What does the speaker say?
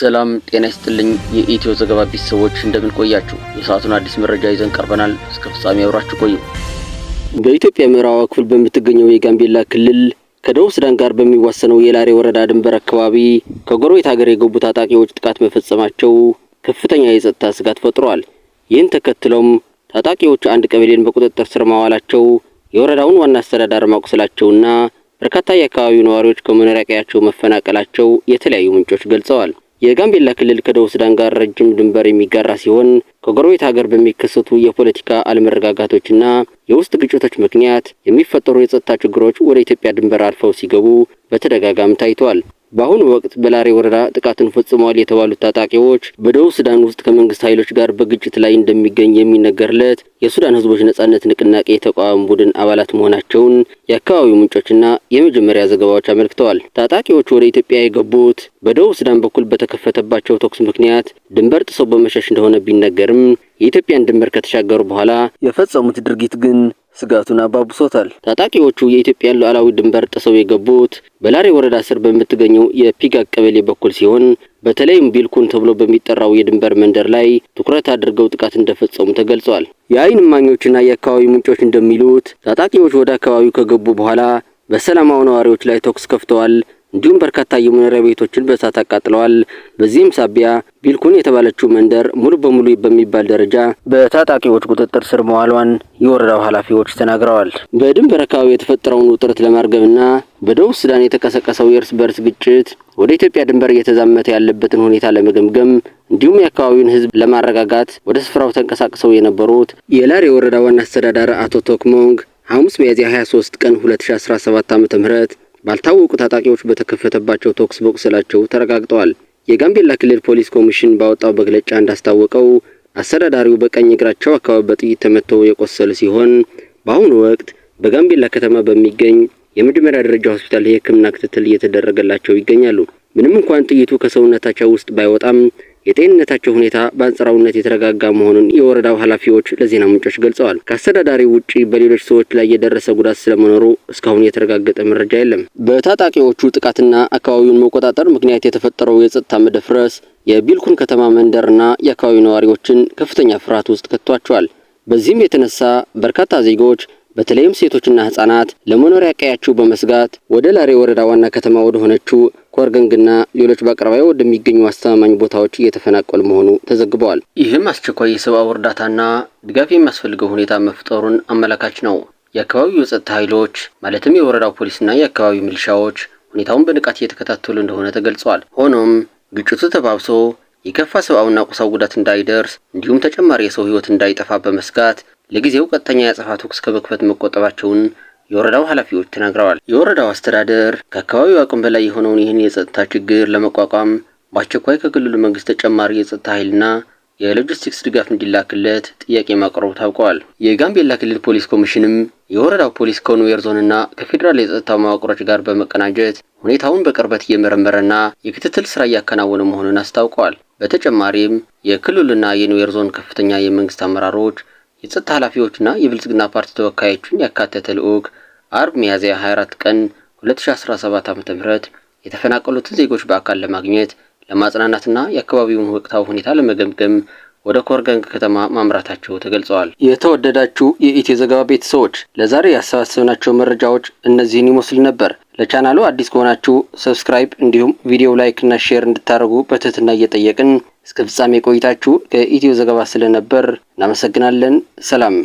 ሰላም ጤና ይስጥልኝ። የኢትዮ ዘገባ ቤተሰቦች እንደምን ቆያችሁ? የሰዓቱን አዲስ መረጃ ይዘን ቀርበናል። እስከ ፍጻሜ አብራችሁ ቆዩ። በኢትዮጵያ ምዕራባዊ ክፍል በምትገኘው የጋምቤላ ክልል ከደቡብ ሱዳን ጋር በሚዋሰነው የላሬ ወረዳ ድንበር አካባቢ ከጎረቤት ሀገር የገቡ ታጣቂዎች ጥቃት መፈጸማቸው ከፍተኛ የጸጥታ ስጋት ፈጥሯል። ይህን ተከትሎም ታጣቂዎቹ አንድ ቀበሌን በቁጥጥር ስር ማዋላቸው የወረዳውን ዋና አስተዳዳር ማቁሰላቸውና በርካታ የአካባቢው ነዋሪዎች ከመኖሪያ ቀያቸው መፈናቀላቸው የተለያዩ ምንጮች ገልጸዋል። የጋምቤላ ክልል ከደቡብ ሱዳን ጋር ረጅም ድንበር የሚጋራ ሲሆን ከጎረቤት ሀገር በሚከሰቱ የፖለቲካ አለመረጋጋቶችና የውስጥ ግጭቶች ምክንያት የሚፈጠሩ የጸጥታ ችግሮች ወደ ኢትዮጵያ ድንበር አልፈው ሲገቡ በተደጋጋሚ ታይቷል። በአሁኑ ወቅት በላሬ ወረዳ ጥቃትን ፈጽመዋል የተባሉት ታጣቂዎች በደቡብ ሱዳን ውስጥ ከመንግስት ኃይሎች ጋር በግጭት ላይ እንደሚገኝ የሚነገርለት የሱዳን ህዝቦች ነጻነት ንቅናቄ የተቃዋሚ ቡድን አባላት መሆናቸውን የአካባቢው ምንጮችና የመጀመሪያ ዘገባዎች አመልክተዋል። ታጣቂዎቹ ወደ ኢትዮጵያ የገቡት በደቡብ ሱዳን በኩል በተከፈተባቸው ተኩስ ምክንያት ድንበር ጥሰው በመሸሽ እንደሆነ ቢነገርም የኢትዮጵያን ድንበር ከተሻገሩ በኋላ የፈጸሙት ድርጊት ግን ስጋቱን አባብሶታል። ታጣቂዎቹ የኢትዮጵያን ሉዓላዊ ድንበር ጥሰው የገቡት በላሬ ወረዳ ስር በምትገኘው የፒጋቅ ቀበሌ በኩል ሲሆን በተለይም ቢልኩን ተብሎ በሚጠራው የድንበር መንደር ላይ ትኩረት አድርገው ጥቃት እንደፈጸሙ ተገልጿል። የአይን እማኞችና የአካባቢ ምንጮች እንደሚሉት ታጣቂዎች ወደ አካባቢው ከገቡ በኋላ በሰላማዊ ነዋሪዎች ላይ ተኩስ ከፍተዋል። እንዲሁም በርካታ የመኖሪያ ቤቶችን በእሳት አቃጥለዋል። በዚህም ሳቢያ ቢልኩን የተባለችው መንደር ሙሉ በሙሉ በሚባል ደረጃ በታጣቂዎች ቁጥጥር ስር መዋሏን የወረዳው ኃላፊዎች ተናግረዋል። በድንበር አካባቢ የተፈጠረውን ውጥረት ለማርገብና በደቡብ ሱዳን የተቀሰቀሰው የእርስ በርስ ግጭት ወደ ኢትዮጵያ ድንበር እየተዛመተ ያለበትን ሁኔታ ለመገምገም እንዲሁም የአካባቢውን ሕዝብ ለማረጋጋት ወደ ስፍራው ተንቀሳቅሰው የነበሩት የላሬ ወረዳ ዋና አስተዳዳሪ አቶ ቶክሞንግ ሐሙስ ሚያዝያ 23 ቀን 2017 ዓ.ም ባልታወቁ ታጣቂዎች በተከፈተባቸው ተኩስ መቁሰላቸው ተረጋግጠዋል። የጋምቤላ ክልል ፖሊስ ኮሚሽን ባወጣው መግለጫ እንዳስታወቀው አስተዳዳሪው በቀኝ እግራቸው አካባቢ በጥይት ተመተው የቆሰሉ ሲሆን በአሁኑ ወቅት በጋምቤላ ከተማ በሚገኝ የመጀመሪያ ደረጃ ሆስፒታል የሕክምና ክትትል እየተደረገላቸው ይገኛሉ። ምንም እንኳን ጥይቱ ከሰውነታቸው ውስጥ ባይወጣም የጤንነታቸው ሁኔታ በአንጻራዊነት የተረጋጋ መሆኑን የወረዳው ኃላፊዎች ለዜና ምንጮች ገልጸዋል። ከአስተዳዳሪው ውጪ በሌሎች ሰዎች ላይ የደረሰ ጉዳት ስለመኖሩ እስካሁን የተረጋገጠ መረጃ የለም። በታጣቂዎቹ ጥቃትና አካባቢውን መቆጣጠር ምክንያት የተፈጠረው የጸጥታ መደፍረስ የቢልኩን ከተማ መንደርና የአካባቢው ነዋሪዎችን ከፍተኛ ፍርሃት ውስጥ ከቷቸዋል። በዚህም የተነሳ በርካታ ዜጎች በተለይም ሴቶችና ህጻናት ለመኖሪያ ቀያቸው በመስጋት ወደ ላሬ ወረዳ ዋና ከተማ ወደ ሆነችው ኮርገንግና ሌሎች በአቅራቢያ ወደሚገኙ አስተማማኝ ቦታዎች እየተፈናቀሉ መሆኑ ተዘግበዋል። ይህም አስቸኳይ የሰብአዊ እርዳታና ድጋፍ የሚያስፈልገው ሁኔታ መፍጠሩን አመላካች ነው። የአካባቢው የጸጥታ ኃይሎች ማለትም የወረዳው ፖሊስና የአካባቢው ሚሊሻዎች ሁኔታውን በንቃት እየተከታተሉ እንደሆነ ተገልጿል። ሆኖም ግጭቱ ተባብሶ የከፋ ሰብአዊና ቁሳዊ ጉዳት እንዳይደርስ እንዲሁም ተጨማሪ የሰው ህይወት እንዳይጠፋ በመስጋት ለጊዜው ቀጥተኛ የአጸፋ ተኩስ ከመክፈት መቆጠባቸውን የወረዳው ኃላፊዎች ተናግረዋል። የወረዳው አስተዳደር ከአካባቢው አቅም በላይ የሆነውን ይህን የጸጥታ ችግር ለመቋቋም በአስቸኳይ ከክልሉ መንግስት ተጨማሪ የጸጥታ ኃይልና የሎጂስቲክስ ድጋፍ እንዲላክለት ጥያቄ ማቅረቡ ታውቀዋል። የጋምቤላ ክልል ፖሊስ ኮሚሽንም የወረዳው ፖሊስ ከኑዌር ዞንና ከፌዴራል የጸጥታ መዋቅሮች ጋር በመቀናጀት ሁኔታውን በቅርበት እየመረመረና የክትትል ስራ እያከናወነ መሆኑን አስታውቀዋል። በተጨማሪም የክልሉና የኑዌር ዞን ከፍተኛ የመንግስት አመራሮች የጸጥታ ኃላፊዎችና የብልጽግና ፓርቲ ተወካዮችን ያካተተ ልዑክ አርብ ሚያዝያ 24 ቀን 2017 ዓ.ም የተፈናቀሉትን ዜጎች በአካል ለማግኘት ለማጽናናትና የአካባቢውን ወቅታዊ ሁኔታ ለመገምገም ወደ ኮርገንግ ከተማ ማምራታቸው ተገልጸዋል። የተወደዳችሁ የኢትዮ ዘገባ ቤተሰቦች ለዛሬ ያሰባሰብናቸው መረጃዎች እነዚህን ይመስል ነበር። ለቻናሉ አዲስ ከሆናችሁ ሰብስክራይብ፣ እንዲሁም ቪዲዮ ላይክ እና ሼር እንድታደርጉ በትህትና እየጠየቅን እስከ ፍጻሜ ቆይታችሁ ከኢትዮ ዘገባ ስለነበር እናመሰግናለን። ሰላም